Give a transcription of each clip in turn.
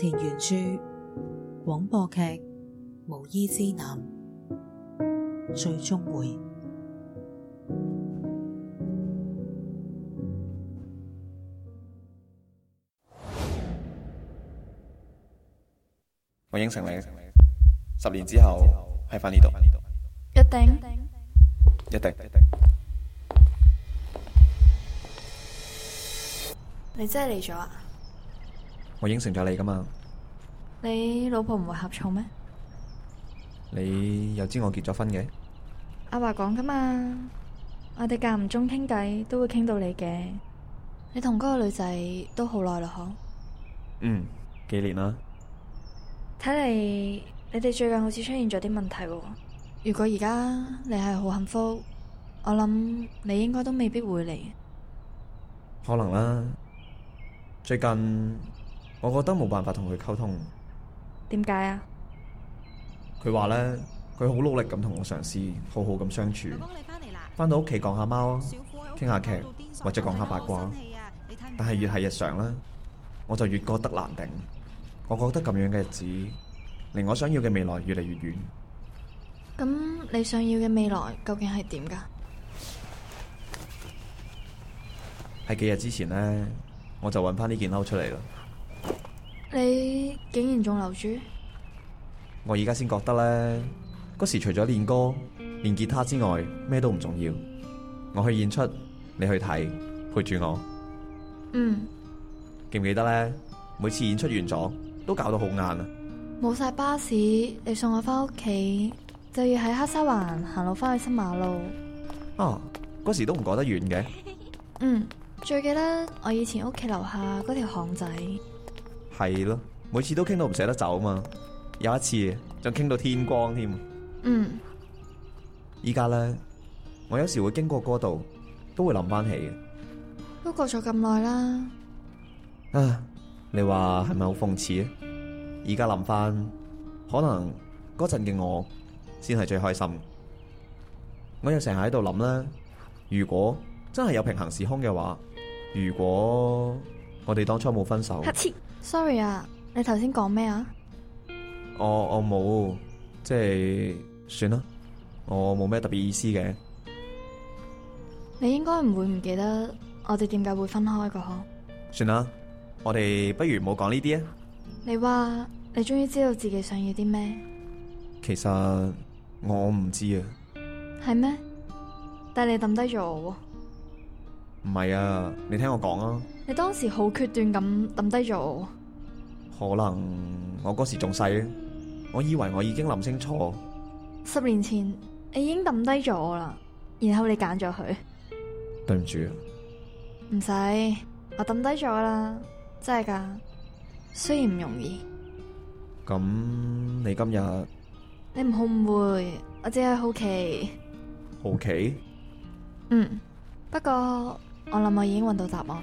Tin 原著廣播劇《無依之男》最終回，我應承你，十年之後喺翻呢度，一定，一定，一定你真係嚟咗啊！我應承咗你噶嘛。你老婆唔會呷醋咩？你又知我結咗婚嘅？阿華講噶嘛，我哋間唔中傾偈都會傾到你嘅。你同嗰個女仔都好耐咯，嗬？嗯，幾年啦？睇嚟，你哋最近好似出現咗啲問題喎。如果而家你係好幸福，我諗你應該都未必會嚟。可能啦，最近。我覺得冇辦法同佢溝通。點解啊？佢話呢，佢好努力咁同我嘗試好好咁相處。我翻到屋企講下貓，傾下劇，或者講下八卦。但係越係日常呢，我就越覺得難頂。我覺得咁樣嘅日子，離我想要嘅未來越嚟越遠。咁你想要嘅未來究竟係點噶？喺幾日之前呢，我就揾翻呢件褸出嚟啦。你竟然仲留住？我而家先覺得咧，嗰時除咗練歌、練吉他之外，咩都唔重要。我去演出，你去睇陪住我。嗯，記唔記得咧？每次演出完咗，都搞到好晏啊！冇晒巴士，你送我翻屋企就要喺黑沙環行路翻去新馬路。啊，嗰時都唔覺得遠嘅。嗯，最記得我以前屋企樓下嗰條巷仔。係咯，每次都傾到唔捨得走啊嘛。有一次仲傾到天光添。嗯，依家咧，我有時會經過嗰度，都會諗翻起嘅。都過咗咁耐啦。啊，你話係咪好諷刺啊？而家諗翻，可能嗰陣嘅我先係最開心。我又成日喺度諗咧。如果真係有平行時空嘅話，如果我哋當初冇分手。Sorry 啊，你頭先講咩啊？我我冇，即係算啦，我冇咩特別意思嘅。你應該唔會唔記得我哋點解會分開噶嗬？算啦，我哋不如冇講呢啲啊。你話你終於知道自己想要啲咩？其實我唔知啊。係咩？但你抌低咗我。唔係啊，你聽我講啊。你當時好決斷咁抌低咗我。可能我嗰時仲細，我以為我已經諗清楚。十年前你已經抌低咗我啦，然後你揀咗佢。對唔住。唔使，我抌低咗啦，真係噶。雖然唔容易。咁你今日？你唔好誤會。我只係好奇。好奇。嗯。不過。我諗我已經揾到答案。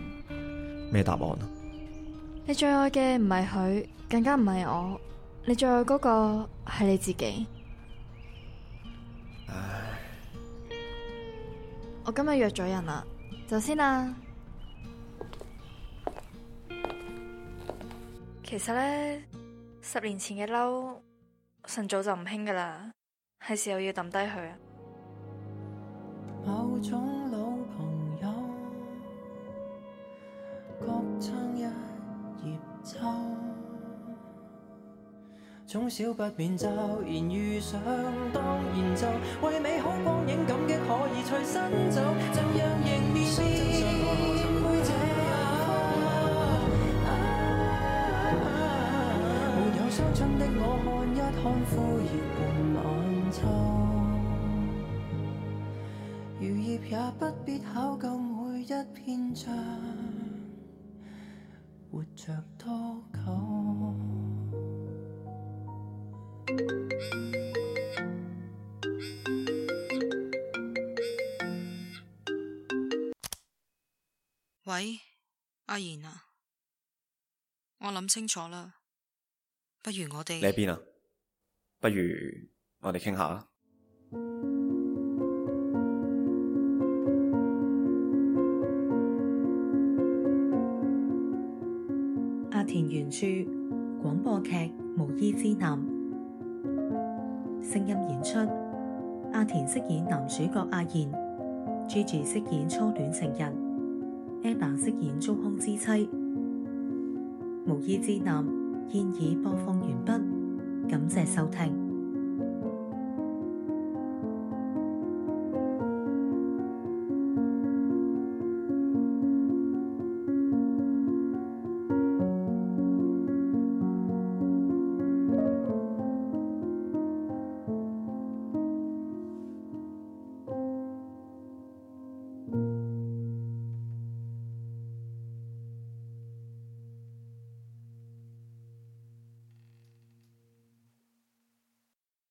咩答案啊？你最愛嘅唔係佢，更加唔係我，你最愛嗰個係你自己。唉，我今日約咗人啦，走先啦。其實呢，十年前嘅嬲，晨早就唔興噶啦，係時候要抌低佢啊。嗯多少不免驟然遇上，當然就為美好光景感激可以隨心走，就像迎面是。沒有傷春的我看一看枯葉伴晚秋，魚葉也不必考究。每一篇章，活著多。喂、哎，阿賢啊，我諗清楚啦，不如我哋你喺邊啊？不如我哋傾下。阿田原著廣播劇《無依之男》，聲音演出。阿田飾演男主角阿賢，GIGI 飾演初戀情人。ELLA 飾演糟糠之妻，無依之男現已播放完畢，感謝收聽。